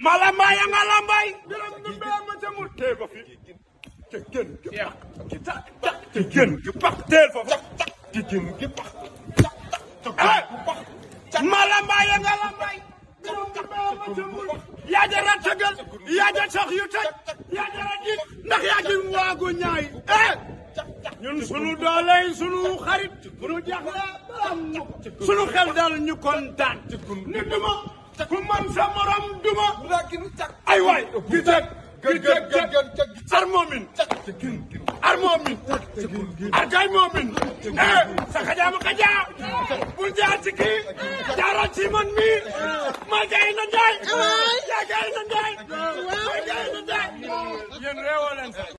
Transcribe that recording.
Malamba ya nga lambay biram du mbéer ma ca mu tee ko fi ca gën gi pax ca gën gi pax teel foofu ca gën gi pax Malamba ya nga lambay biram du mbéer ma ca mu yaa ja rat ca gën yaa ja sax yu tëj yaa ja rat ji ndax yaa ji waagu ñaay eh ñun sunu doole sunu xarit sunu jaaxle sunu xel daal ñu kontaan nit du ma ku man sa morom duma. ay waay gi teg gi teg ar moomin ar gay moomin eh sa xajaa ma xajaa bul jaar ci kii jaara ci man mi ma gay na njaay yaa gay na njaay ma gay na njaay yéen réewoo leen